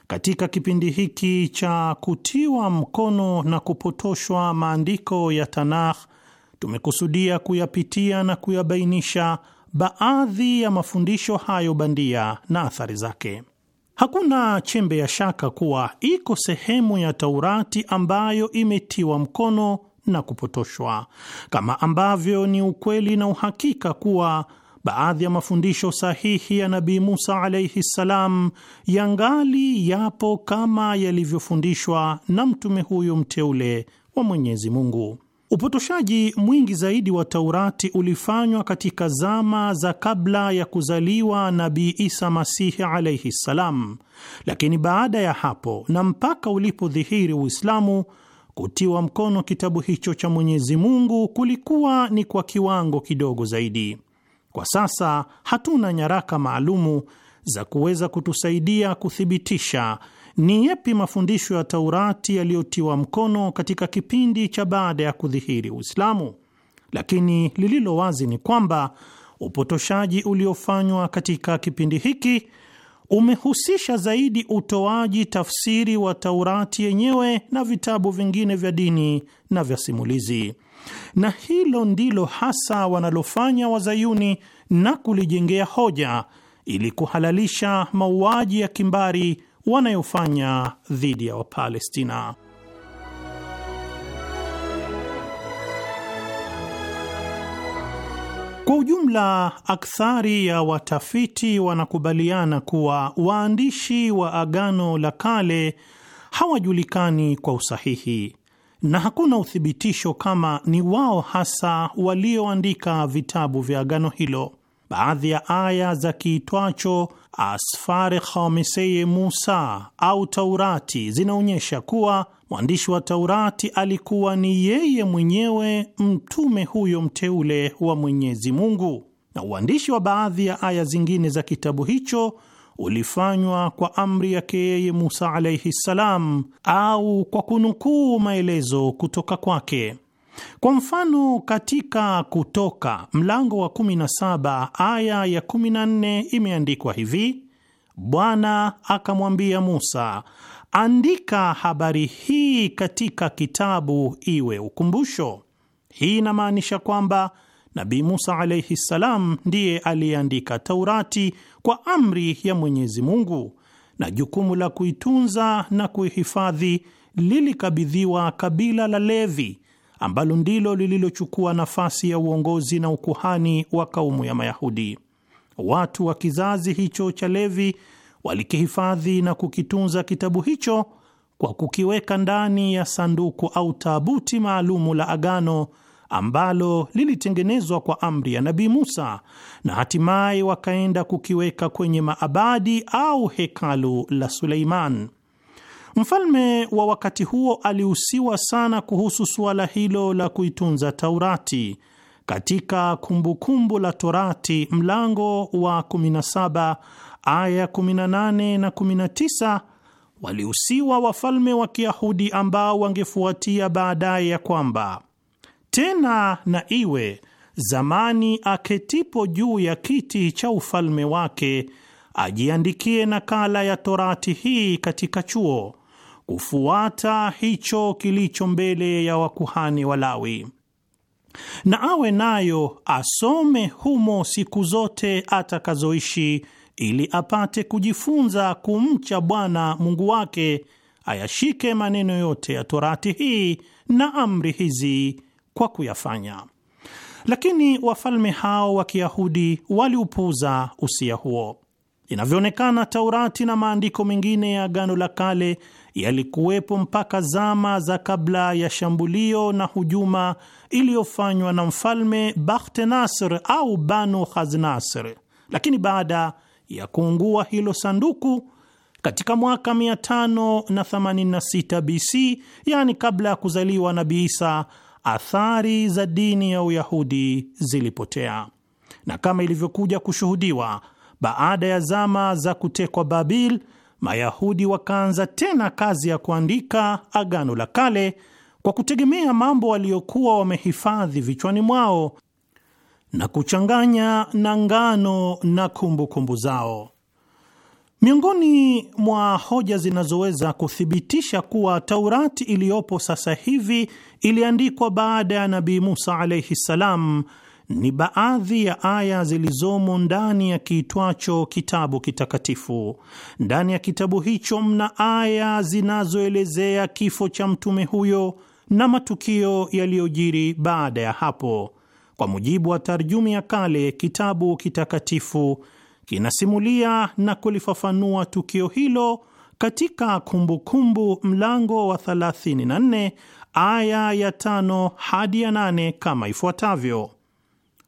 Speaker 4: katika kipindi hiki cha kutiwa mkono na kupotoshwa maandiko ya Tanakh, tumekusudia kuyapitia na kuyabainisha baadhi ya mafundisho hayo bandia na athari zake. Hakuna chembe ya shaka kuwa iko sehemu ya Taurati ambayo imetiwa mkono na kupotoshwa, kama ambavyo ni ukweli na uhakika kuwa baadhi ya mafundisho sahihi ya Nabii Musa alaihi ssalam yangali yapo kama yalivyofundishwa na mtume huyo mteule wa Mwenyezi Mungu. Upotoshaji mwingi zaidi wa Taurati ulifanywa katika zama za kabla ya kuzaliwa Nabii Isa Masihi alaihi ssalam, lakini baada ya hapo na mpaka ulipodhihiri Uislamu, kutiwa mkono kitabu hicho cha Mwenyezi Mungu kulikuwa ni kwa kiwango kidogo zaidi. Kwa sasa hatuna nyaraka maalumu za kuweza kutusaidia kuthibitisha ni yepi mafundisho ya Taurati yaliyotiwa mkono katika kipindi cha baada ya kudhihiri Uislamu, lakini lililo wazi ni kwamba upotoshaji uliofanywa katika kipindi hiki umehusisha zaidi utoaji tafsiri wa Taurati yenyewe na vitabu vingine vya dini na vya simulizi, na hilo ndilo hasa wanalofanya Wazayuni na kulijengea hoja ili kuhalalisha mauaji ya kimbari wanayofanya dhidi ya Wapalestina. Kwa ujumla, akthari ya watafiti wanakubaliana kuwa waandishi wa Agano la Kale hawajulikani kwa usahihi na hakuna uthibitisho kama ni wao hasa walioandika vitabu vya agano hilo baadhi ya aya za kiitwacho Asfare Khamiseye Musa au Taurati zinaonyesha kuwa mwandishi wa Taurati alikuwa ni yeye mwenyewe mtume huyo mteule wa Mwenyezi Mungu, na uandishi wa baadhi ya aya zingine za kitabu hicho ulifanywa kwa amri yake yeye Musa alaihi ssalam, au kwa kunukuu maelezo kutoka kwake. Kwa mfano katika Kutoka mlango wa 17 aya ya 14 imeandikwa hivi: Bwana akamwambia Musa, andika habari hii katika kitabu iwe ukumbusho. Hii inamaanisha kwamba Nabii Musa alaihi ssalam ndiye aliyeandika Taurati kwa amri ya Mwenyezi Mungu, na jukumu la kuitunza na kuihifadhi lilikabidhiwa kabila la Levi ambalo ndilo lililochukua nafasi ya uongozi na ukuhani wa kaumu ya Mayahudi. Watu wa kizazi hicho cha Levi walikihifadhi na kukitunza kitabu hicho kwa kukiweka ndani ya sanduku au tabuti maalumu la agano ambalo lilitengenezwa kwa amri ya Nabii Musa na hatimaye wakaenda kukiweka kwenye maabadi au hekalu la Suleiman. Mfalme wa wakati huo alihusiwa sana kuhusu suala hilo la kuitunza Taurati. Katika Kumbukumbu kumbu la Torati mlango wa 17 aya 18 na 19, walihusiwa wafalme wa Kiyahudi ambao wangefuatia baadaye ya kwamba tena na iwe zamani aketipo juu ya kiti cha ufalme wake ajiandikie nakala ya Torati hii katika chuo kufuata hicho kilicho mbele ya wakuhani Walawi, na awe nayo asome humo siku zote atakazoishi, ili apate kujifunza kumcha Bwana Mungu wake, ayashike maneno yote ya Torati hii na amri hizi kwa kuyafanya. Lakini wafalme hao wa Kiyahudi waliupuuza usia huo. Inavyoonekana, Taurati na maandiko mengine ya Agano la Kale yalikuwepo mpaka zama za kabla ya shambulio na hujuma iliyofanywa na mfalme Bakhtenasr au Banu Khaznasr, lakini baada ya kuungua hilo sanduku katika mwaka 586 BC, yani kabla ya kuzaliwa Nabi Isa, athari za dini ya Uyahudi zilipotea, na kama ilivyokuja kushuhudiwa baada ya zama za kutekwa Babil Mayahudi wakaanza tena kazi ya kuandika Agano la Kale kwa kutegemea mambo waliokuwa wamehifadhi vichwani mwao na kuchanganya na ngano na kumbukumbu kumbu zao. Miongoni mwa hoja zinazoweza kuthibitisha kuwa Taurati iliyopo sasa hivi iliandikwa baada ya Nabii Musa alaihi ssalam ni baadhi ya aya zilizomo ndani ya kiitwacho kitabu kitakatifu. Ndani ya kitabu hicho mna aya zinazoelezea kifo cha mtume huyo na matukio yaliyojiri baada ya hapo. Kwa mujibu wa tarjumi ya kale, kitabu kitakatifu kinasimulia na kulifafanua tukio hilo katika Kumbukumbu kumbu mlango wa 34 aya ya 5 hadi ya 8 kama ifuatavyo: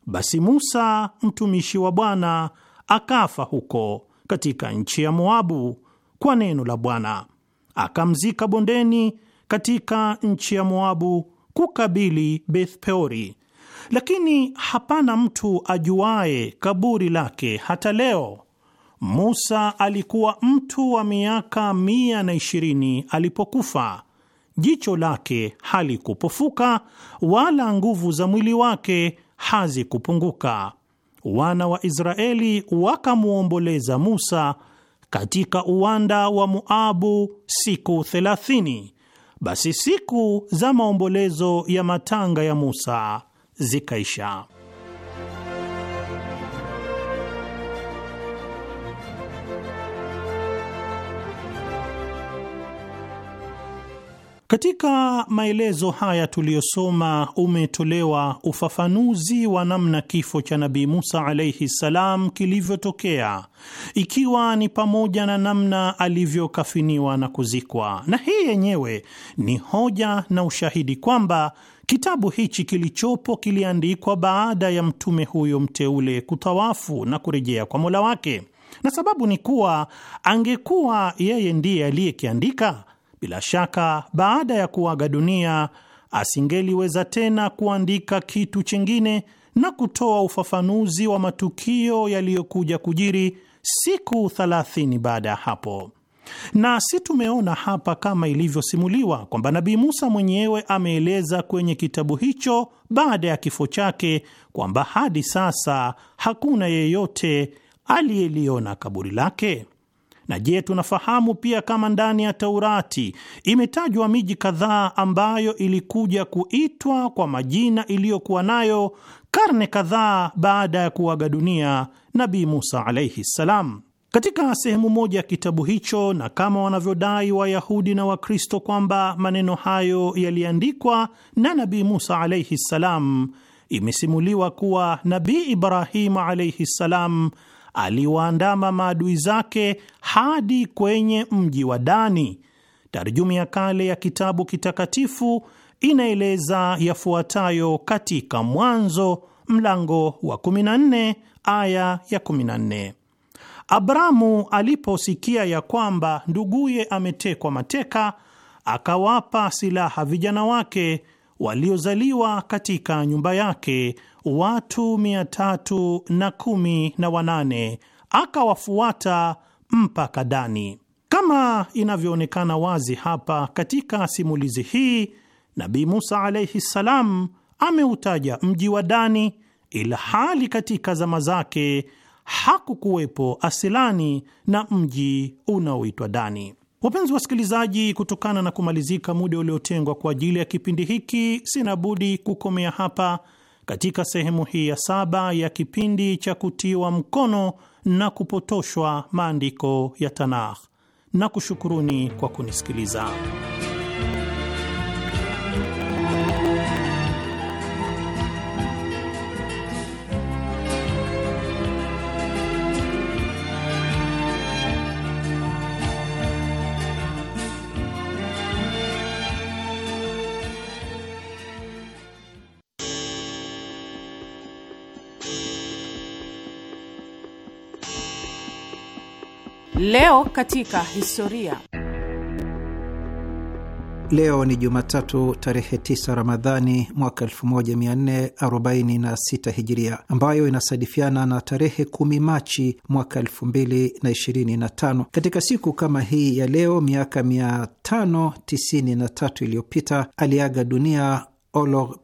Speaker 4: basi Musa mtumishi wa Bwana akafa huko katika nchi ya Moabu kwa neno la Bwana, akamzika bondeni katika nchi ya Moabu kukabili Beth Peori, lakini hapana mtu ajuaye kaburi lake hata leo. Musa alikuwa mtu wa miaka mia na ishirini alipokufa. Jicho lake halikupofuka wala nguvu za mwili wake hazikupunguka. Wana wa Israeli wakamwomboleza Musa katika uwanda wa Moabu siku thelathini. Basi siku za maombolezo ya matanga ya Musa zikaisha. Katika maelezo haya tuliyosoma umetolewa ufafanuzi wa namna kifo cha Nabii Musa alaihi ssalam kilivyotokea, ikiwa ni pamoja na namna alivyokafiniwa na kuzikwa, na hii yenyewe ni hoja na ushahidi kwamba kitabu hichi kilichopo kiliandikwa baada ya mtume huyo mteule kutawafu na kurejea kwa Mola wake, na sababu ni kuwa angekuwa yeye ndiye aliyekiandika bila shaka baada ya kuaga dunia asingeliweza tena kuandika kitu chingine na kutoa ufafanuzi wa matukio yaliyokuja kujiri siku thalathini baada ya hapo. Na si tumeona hapa kama ilivyosimuliwa kwamba Nabii Musa mwenyewe ameeleza kwenye kitabu hicho baada ya kifo chake kwamba hadi sasa hakuna yeyote aliyeliona kaburi lake. Na je, tunafahamu pia kama ndani ya Taurati imetajwa miji kadhaa ambayo ilikuja kuitwa kwa majina iliyokuwa nayo karne kadhaa baada ya kuaga dunia Nabii Musa alaihi ssalam? Katika sehemu moja ya kitabu hicho, na kama wanavyodai Wayahudi na Wakristo kwamba maneno hayo yaliandikwa na Nabii Musa alaihi ssalam, imesimuliwa kuwa Nabii Ibrahimu alaihi ssalam aliwaandama maadui zake hadi kwenye mji wa Dani. Tarjumi ya kale ya kitabu kitakatifu inaeleza yafuatayo katika Mwanzo mlango wa 14 aya ya 14: Abramu aliposikia ya kwamba nduguye ametekwa mateka, akawapa silaha vijana wake waliozaliwa katika nyumba yake watu mia tatu na kumi na wanane akawafuata mpaka Dani. Kama inavyoonekana wazi hapa katika simulizi hii, Nabii Musa alaihi ssalam ameutaja mji wa Dani, ila hali katika zama zake hakukuwepo asilani na mji unaoitwa Dani. Wapenzi wasikilizaji, kutokana na kumalizika muda uliotengwa kwa ajili ya kipindi hiki, sina budi kukomea hapa katika sehemu hii ya saba ya kipindi cha kutiwa mkono na kupotoshwa maandiko ya Tanakh na kushukuruni kwa kunisikiliza.
Speaker 2: Leo katika historia.
Speaker 5: Leo ni Jumatatu tarehe 9 Ramadhani mwaka 1446 Hijiria, ambayo inasadifiana na tarehe 10 Machi mwaka 2025. Katika siku kama hii ya leo miaka 593 iliyopita aliaga dunia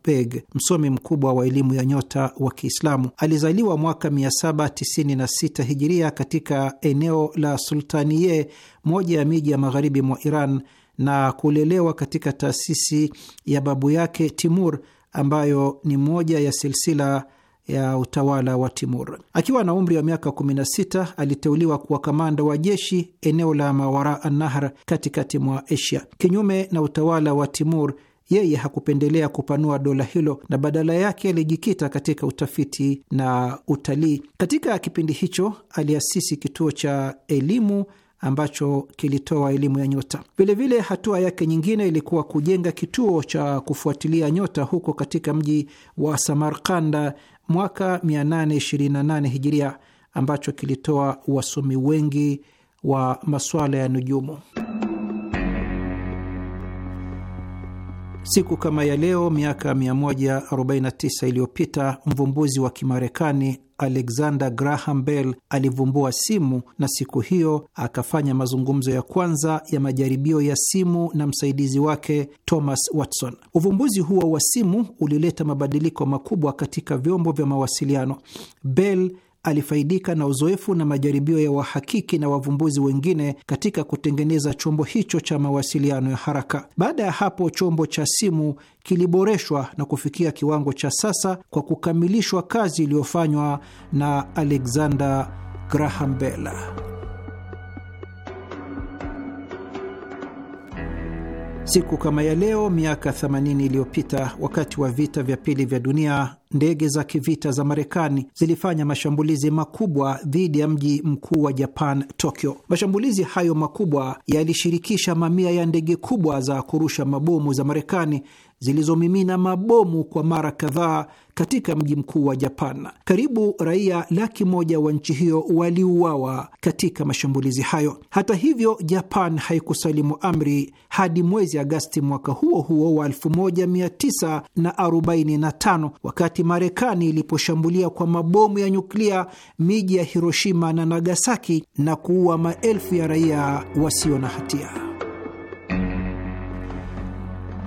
Speaker 5: Beg, msomi mkubwa wa elimu ya nyota wa Kiislamu. Alizaliwa mwaka 796 hijiria katika eneo la Sultanie, moja ya miji ya magharibi mwa Iran, na kulelewa katika taasisi ya babu yake Timur, ambayo ni moja ya silsila ya utawala wa Timur. Akiwa na umri wa miaka 16 aliteuliwa kuwa kamanda wa jeshi eneo la Mawara Annahar katikati mwa Asia. Kinyume na utawala wa Timur, yeye hakupendelea kupanua dola hilo na badala yake alijikita katika utafiti na utalii. Katika kipindi hicho aliasisi kituo cha elimu ambacho kilitoa elimu ya nyota. Vilevile, hatua yake nyingine ilikuwa kujenga kituo cha kufuatilia nyota huko katika mji wa Samarkanda mwaka 828 hijiria ambacho kilitoa wasomi wengi wa masuala ya nujumu. Siku kama ya leo miaka 149 iliyopita mvumbuzi wa Kimarekani Alexander Graham Bell alivumbua simu na siku hiyo akafanya mazungumzo ya kwanza ya majaribio ya simu na msaidizi wake Thomas Watson. Uvumbuzi huo wa simu ulileta mabadiliko makubwa katika vyombo vya mawasiliano. Bell alifaidika na uzoefu na majaribio ya wahakiki na wavumbuzi wengine katika kutengeneza chombo hicho cha mawasiliano ya haraka. Baada ya hapo, chombo cha simu kiliboreshwa na kufikia kiwango cha sasa kwa kukamilishwa kazi iliyofanywa na Alexander Graham Bell. Siku kama ya leo miaka 80 iliyopita, wakati wa vita vya pili vya dunia, ndege za kivita za Marekani zilifanya mashambulizi makubwa dhidi ya mji mkuu wa Japan, Tokyo. Mashambulizi hayo makubwa yalishirikisha mamia ya ndege kubwa za kurusha mabomu za Marekani zilizomimina mabomu kwa mara kadhaa katika mji mkuu wa Japan. Karibu raia laki moja wa nchi hiyo waliuawa katika mashambulizi hayo. Hata hivyo, Japan haikusalimu amri hadi mwezi Agasti mwaka huo huo wa 1945 wakati Marekani iliposhambulia kwa mabomu ya nyuklia miji ya Hiroshima na Nagasaki na kuua maelfu ya raia wasio na hatia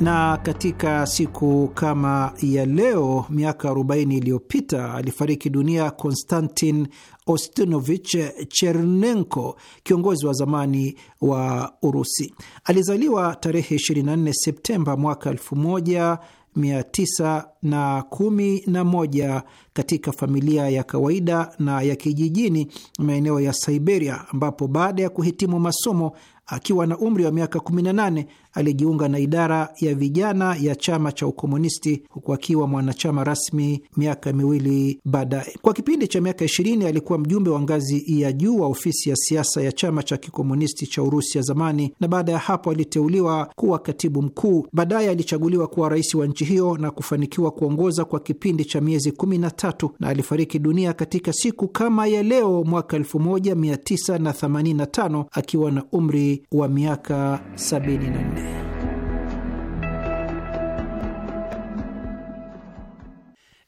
Speaker 5: na katika siku kama ya leo miaka 40 iliyopita alifariki dunia Konstantin Ostinovich Chernenko, kiongozi wa zamani wa Urusi. Alizaliwa tarehe 24 Septemba mwaka 1911 katika familia ya kawaida na ya kijijini maeneo ya Siberia, ambapo baada ya kuhitimu masomo akiwa na umri wa miaka 18 alijiunga na idara ya vijana ya chama cha Ukomunisti huku akiwa mwanachama rasmi miaka miwili baadaye. Kwa kipindi cha miaka ishirini alikuwa mjumbe wa ngazi ya juu wa ofisi ya siasa ya chama cha kikomunisti cha Urusi ya zamani, na baada ya hapo aliteuliwa kuwa katibu mkuu. Baadaye alichaguliwa kuwa rais wa nchi hiyo na kufanikiwa kuongoza kwa kipindi cha miezi kumi na tatu na alifariki dunia katika siku kama ya leo mwaka 1985 akiwa na umri wa miaka 74.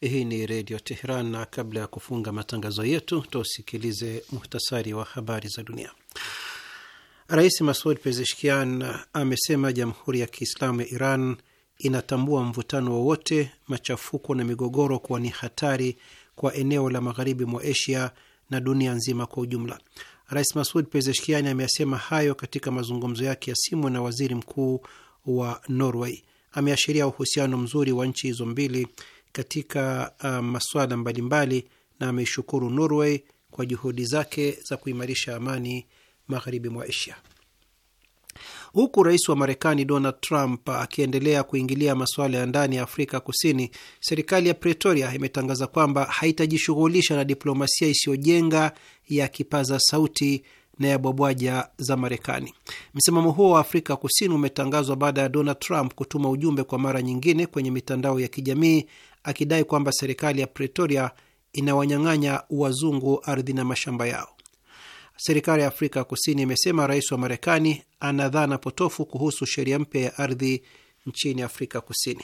Speaker 5: Hii ni Redio Teheran, na kabla ya kufunga matangazo yetu tusikilize muhtasari wa habari za dunia. Rais Masud Pezeshkian amesema Jamhuri ya Kiislamu ya Iran inatambua mvutano wowote, machafuko na migogoro kuwa ni hatari kwa eneo la magharibi mwa Asia na dunia nzima kwa ujumla. Rais Masud Pezeshkiani ameyasema hayo katika mazungumzo yake ya simu na waziri mkuu wa Norway. Ameashiria uhusiano mzuri wa nchi hizo mbili katika uh, masuala mbalimbali na ameishukuru Norway kwa juhudi zake za kuimarisha amani magharibi mwa Asia. Huku rais wa Marekani Donald Trump akiendelea kuingilia masuala ya ndani ya Afrika Kusini, serikali ya Pretoria imetangaza kwamba haitajishughulisha na diplomasia isiyojenga ya kipaza sauti na ya bwabwaja za Marekani. Msimamo huo wa Afrika Kusini umetangazwa baada ya Donald Trump kutuma ujumbe kwa mara nyingine kwenye mitandao ya kijamii akidai kwamba serikali ya Pretoria inawanyang'anya wazungu ardhi na mashamba yao. Serikali ya Afrika Kusini imesema rais wa Marekani ana dhana potofu kuhusu sheria mpya ya ardhi nchini Afrika Kusini.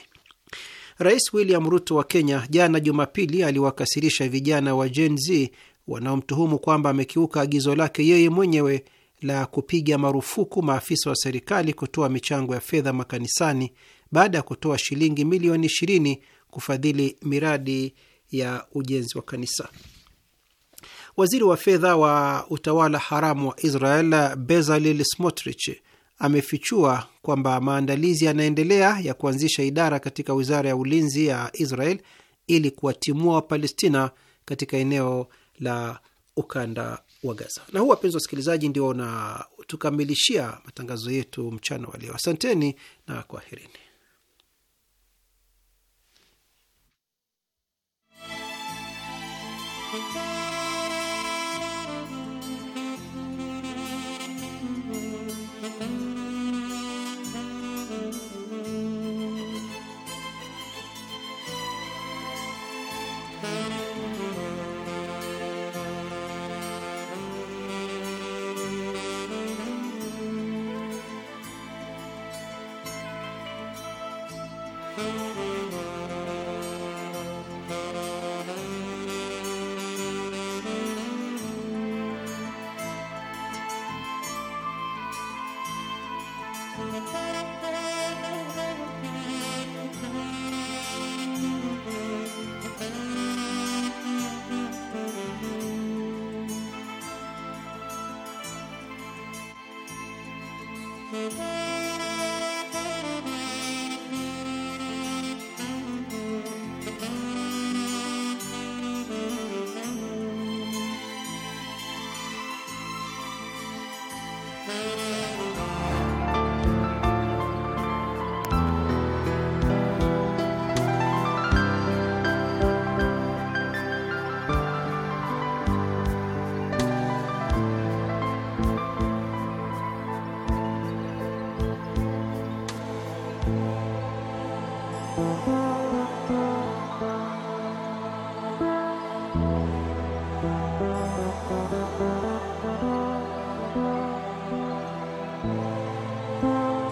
Speaker 5: Rais William Ruto wa Kenya jana Jumapili aliwakasirisha vijana wa Gen Z wanaomtuhumu kwamba amekiuka agizo lake yeye mwenyewe la kupiga marufuku maafisa wa serikali kutoa michango ya fedha makanisani baada ya kutoa shilingi milioni 20 kufadhili miradi ya ujenzi wa kanisa. Waziri wa fedha wa utawala haramu wa Israel Bezalel Smotrich amefichua kwamba maandalizi yanaendelea ya kuanzisha idara katika wizara ya ulinzi ya Israel ili kuwatimua Wapalestina katika eneo la ukanda wa Gaza. Na huu, wapenzi wasikilizaji, ndio unatukamilishia matangazo yetu mchana wa leo. Asanteni na kwaherini.